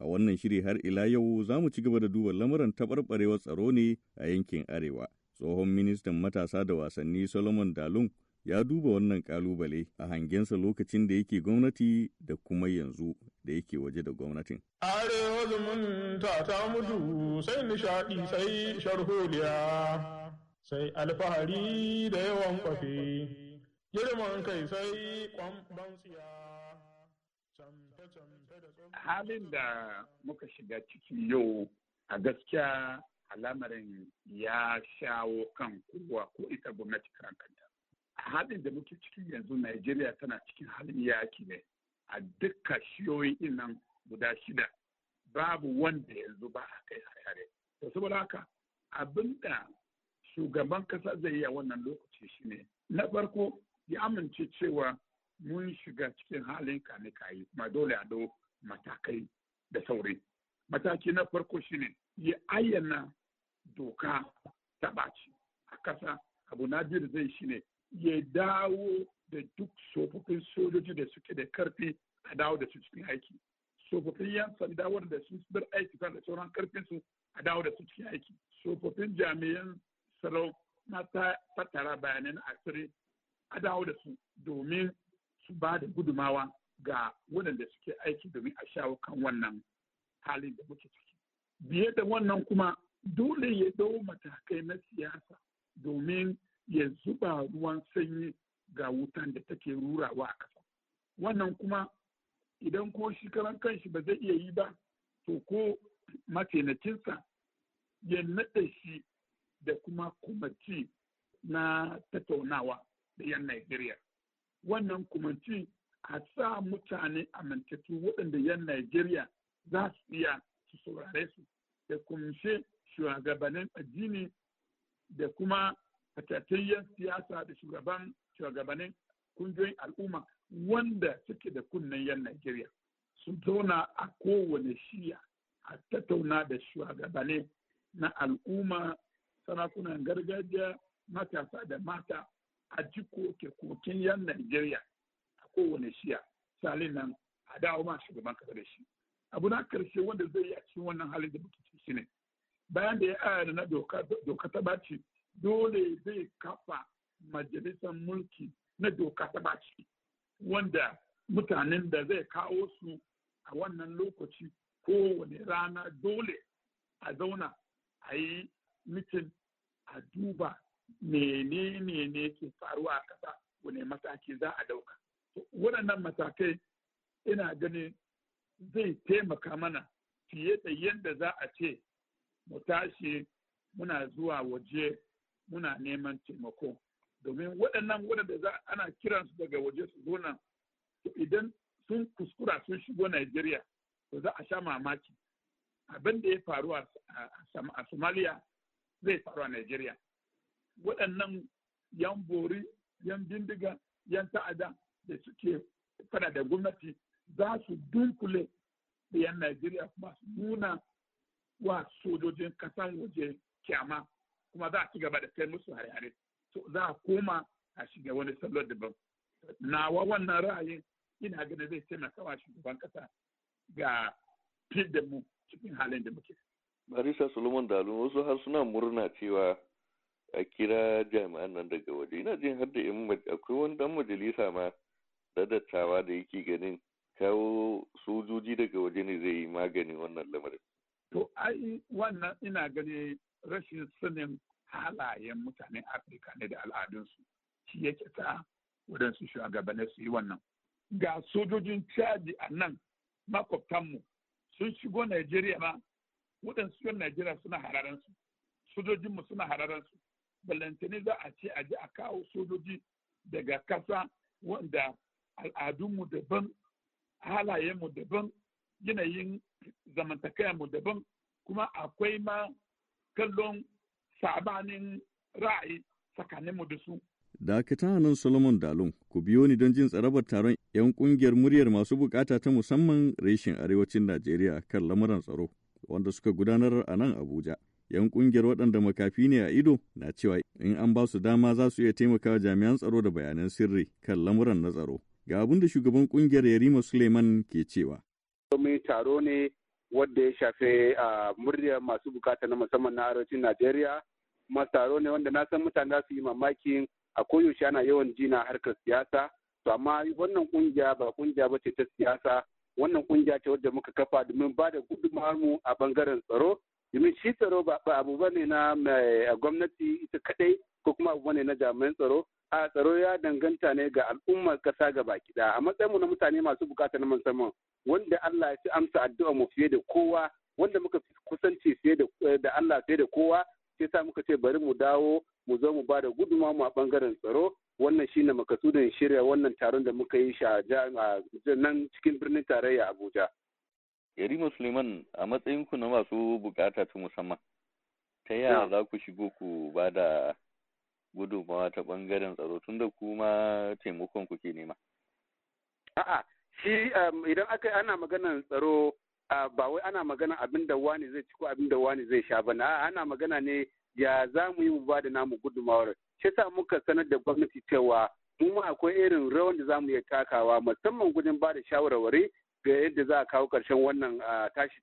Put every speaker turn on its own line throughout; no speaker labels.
A wannan shiri har ila yau za mu ci gaba da duba lamuran taɓarɓarewar tsaro ne a yankin Arewa. Tsohon ministan matasa da wasanni Solomon Dalun ya duba wannan kalubale a hangensa lokacin da yake gwamnati da kuma yanzu da yake waje da gwamnatin.
Arewa zumunta ta mutu sai nishaɗi sai sharholiya sai alfahari da yawan kwafe, girman kai sai kwamban halin da muka shiga ciki yau a gaskiya al'amarin ya shawo kan kowa ko ita gwamnati karan kanta halin da muke cikin yanzu Najeriya tana cikin halin yaki ne a duka shiyoyi inan guda shida babu wanda yanzu ba a kai hare to saboda haka abinda shugaban kasa zai yi a wannan lokaci shine na farko ya amince cewa mun shiga cikin halin ka yi kuma dole a dau matakai da sauri. Mataki na farko shine ya ayyana doka ta ɓaci a ƙasa abu na biyu zai shine ya dawo da duk tsofaffin sojoji da suke da karfi a dawo da su cikin aiki. Tsofaffin yan sanda wanda sun bar aiki da sauran karfinsu a dawo da su cikin aiki. Tsofaffin jami'an tsaro na tattara bayanan asiri a dawo da su domin su ba da gudumawa ga waɗanda suke aiki domin a shawo kan wannan halin da muke ciki. Biye da wannan kuma dole ya dau matakai na siyasa domin ya zuba ruwan sanyi ga wutan da take rurawa a ƙasa. Wannan kuma idan ko shi karan kanshi ba zai iya yi ba, to ko mataimakinsa ya naɗa shi da kuma kumaci na tattaunawa da 'yan Najeriya. wannan kumanci a sa mutane mantattu waɗanda yan Najeriya za su iya su saurare su da kumshe shugabannin addini da kuma fatattayyar siyasa da shugaban shugabannin kungiyoyin al'umma wanda suke da kunnen yan Najeriya su zauna a kowane shiya a tattauna da shugabannin na al'umma sarakunan gargajiya matasa da mata a ji koke-koken yan Najeriya a kowane shiya salin nan a dawo ma shugaban kasa da shi. Abu na karshe wanda zai yi a cikin wannan halin da muke ciki ne. Bayan da ya ayyana na doka ta baci dole zai kafa majalisar mulki na doka ta baci wanda mutanen da zai kawo su a wannan lokaci kowane rana dole a zauna a yi mitin a duba Mene ne ke faruwa a ƙasa wane mataki za a ɗauka. Waɗannan matakai ina ganin zai taimaka mana fiye da yadda za a ce mu tashi muna zuwa waje muna neman taimako. Domin waɗannan waɗanda za ana kiransu daga waje su zo nan idan sun kuskura sun shigo Najeriya to za a sha mamaki. Abin da ya faru a Somalia zai faru a Najeriya. waɗannan yan bori yan bindiga yan ta'ada da suke fada da gwamnati za su dunkule da yan najeriya kuma su nuna wa sojojin kasar waje kyama kuma za a ci gaba da kai musu hare-hare to za a koma a shiga wani salo daban nawa wannan ra'ayin ina ganin zai taimaka wa shugaban kasa ga fidda mu cikin halin da muke.
Marisa Solomon Dalu wasu har suna murna cewa a kira jami'an nan daga waje ina jin har da akwai wani dan majalisa ma da dattawa da yake ganin kawo sojoji daga waje ne zai yi magani wannan lamarin
to ai wannan ina gani rashin sanin halayen mutanen afirka ne da al'adunsu shi yake ta waɗansu shugabanni su yi wannan ga sojojin caji a nan makwabtanmu sun shigo najeriya ma waɗansu yan najeriya suna hararansu sojojinmu suna hararansu balantane za a ce a ji a kawo sojoji daga kasa wanda al'adunmu daban halayenmu daban yanayin mu daban kuma akwai ma kallon sabanin ra'ayi tsakaninmu da su.
Dakata nan Solomon Dalun, ku biyo ni don jin tsarabar taron 'yan kungiyar muryar masu bukata ta musamman reshen arewacin Najeriya kan lamuran tsaro, wanda suka gudanar a nan Abuja. 'yan kungiyar waɗanda makafi ne a ido na cewa in an ba su dama za su iya taimakawa jami'an tsaro da bayanan sirri kan lamuran na tsaro. Ga abin da shugaban kungiyar Yarima Suleiman ke cewa.
Mun taro ne wanda ya shafe a muryar masu bukata na musamman na arewacin Najeriya. Kuma taro ne wanda na san mutane za su yi mamakin a koyaushe ana yawan jina harkar siyasa. To amma wannan kungiya ba kungiya ba ce ta siyasa. Wannan kungiya ce wadda muka kafa domin ba da gudunmawar mu a bangaren tsaro domin shi tsaro ba abu ba ne na eh, gwamnati ita kadai ko kuma abu ne na jami'an tsaro a tsaro ya danganta ne ga al'ummar kasa ga baki da a matsayin mu na mutane masu bukata na musamman wanda Allah ya fi amsa addu'a mu fiye da kowa wanda muka fi kusanci fiye da eh, Allah fiye da kowa sai sa muka ce bari mu dawo mu zo mu bada da gudunmawa mu a bangaren tsaro wannan shine makasudin shirya wannan taron da muka yi shi a nan cikin birnin tarayya Abuja
yari musulman a matsayin ku na masu bukata ta musamman, ta yaya za ku shigo ku ba da gudunmawa ta bangaren tsaro tun da kuma taimakon ku ke nema?
A'a, shi um, idan aka ana maganar tsaro ba wai ana magana abin da wani zai ci ko abin da wani zai sha ba na ana magana ne ya za mu yi mu ba da namu gudunmawar. Shi sa muka sanar da gwamnati cewa mu akwai irin rawan da za mu iya takawa musamman gudun ba da shawarwari ga yadda za a kawo karshen wannan tashi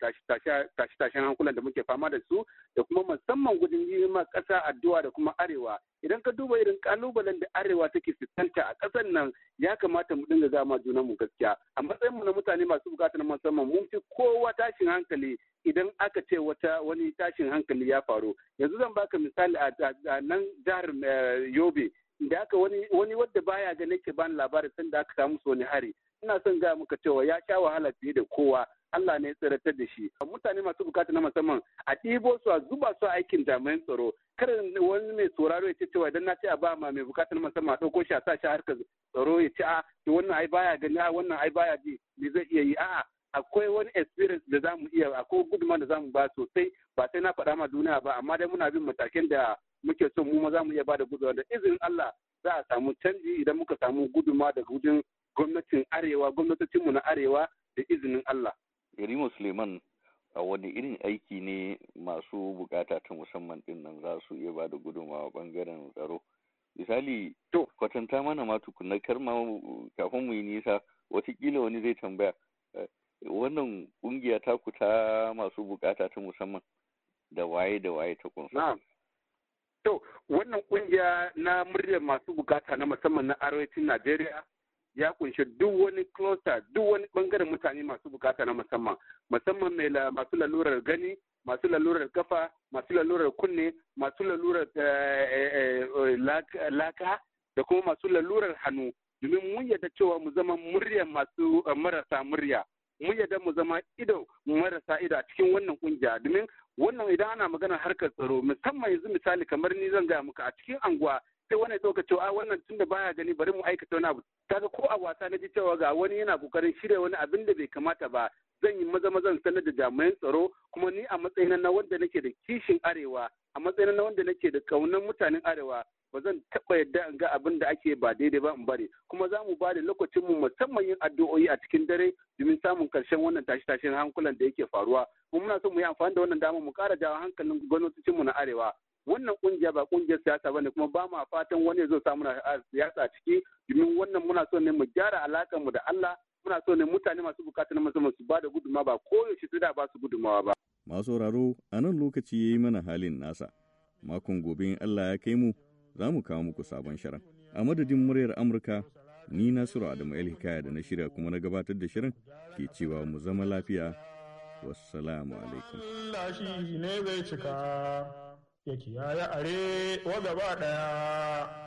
tashen hankulan da muke fama da su da kuma musamman gudun yi kasa ƙasa addu'a da kuma arewa idan ka duba irin kalubalen da arewa take fuskanta a ƙasar nan ya kamata mu dinga gama junan mu gaskiya a matsayin mu na mutane masu bukatar musamman mun fi kowa tashin hankali idan aka ce wata wani tashin hankali ya faru yanzu zan baka misali a nan jihar eh, yobe da aka wani wani wadda baya ganin ke bani labarin sanda aka samu su wani hari ina son gaya muka cewa ya sha wahala fiye da kowa Allah ne ya tsiratar da shi mutane masu bukata na musamman a ɗibo su a zuba su aikin jami'an tsaro kar wani mai sauraro ya ce cewa idan na ce a ba ma mai bukata na musamman a ɗauko shi a sa shi harkar tsaro ya ce a ah, wannan ai baya gani a ah, wannan ai baya ji me zai iya yi a'a akwai wani experience da zamu iya akwai gudunma da zamu ba sosai ba sai na faɗa ma duniya ba amma dai muna bin matakin da muke son mu ma zamu iya ba da gudunma da izinin Allah za a samu canji idan muka samu gudunma da gudun gwamnatin arewa gwamnatocinmu na arewa da izinin Allah.
Yarima Suleiman a wani irin aiki ne masu bukata ta musamman din nan za su iya ba da gudunmawa bangaren tsaro. Misali, kwatanta mana ma tukunan karma kafin mu yi nisa watakila wani zai tambaya eh, wannan kungiya ta kuta masu bukata ta musamman da waye da waye ta kunsa.
To, wannan kungiya na muryar masu bukata na musamman na arewacin Najeriya ya kunshi duk wani cluster duk wani bangaren mutane masu bukata na musamman musamman mai masu lalurar gani masu lalurar kafa masu lalurar kunne masu lalurar eh, eh, eh, laka da kuma masu lalurar hannu domin mun yadda cewa mu zama murya masu marasa murya mun yadda mu zama ido marasa ido a cikin wannan kungiya domin wannan idan ana magana harkar tsaro musamman yanzu misali kamar ni zan gaya muka a cikin anguwa sai wani so ka ce a wannan tun da baya gani bari mu aikata wani abu kaga ko a wasa na ji cewa ga wani yana kokarin shirya wani abin da bai kamata ba zan yi maza mazan sanar da jami'an tsaro kuma ni a matsayin na wanda nake da kishin arewa a matsayin na wanda nake da kaunan mutanen arewa ba zan taɓa yadda in ga abin da ake ba daidai ba in bari kuma za mu ba da mu musamman yin addu'o'i a cikin dare domin samun karshen wannan tashi-tashin hankulan da yake faruwa mu muna so mu yi amfani da wannan dama mu ƙara jawo hankalin gwamnatocinmu na arewa wannan kungiya ba kungiyar siyasa bane kuma ba ma fatan wani zai samu siyasa ciki domin wannan muna so ne mu gyara alakan mu da Allah muna so ne mutane masu bukatar musamman su ba da gudunmawa ba ko yaushe su da ba su gudunmawa ba
masu sauraro a nan lokaci yayi mana halin nasa makon gobe in Allah ya kai mu za mu kawo muku sabon shirin a madadin muryar Amurka ni Nasiru Adamu El Hikaya da na shirya kuma na gabatar da shirin ke cewa mu zama lafiya wassalamu alaikum
Allah shi ne zai cika yake ya yi are wa gaba ɗaya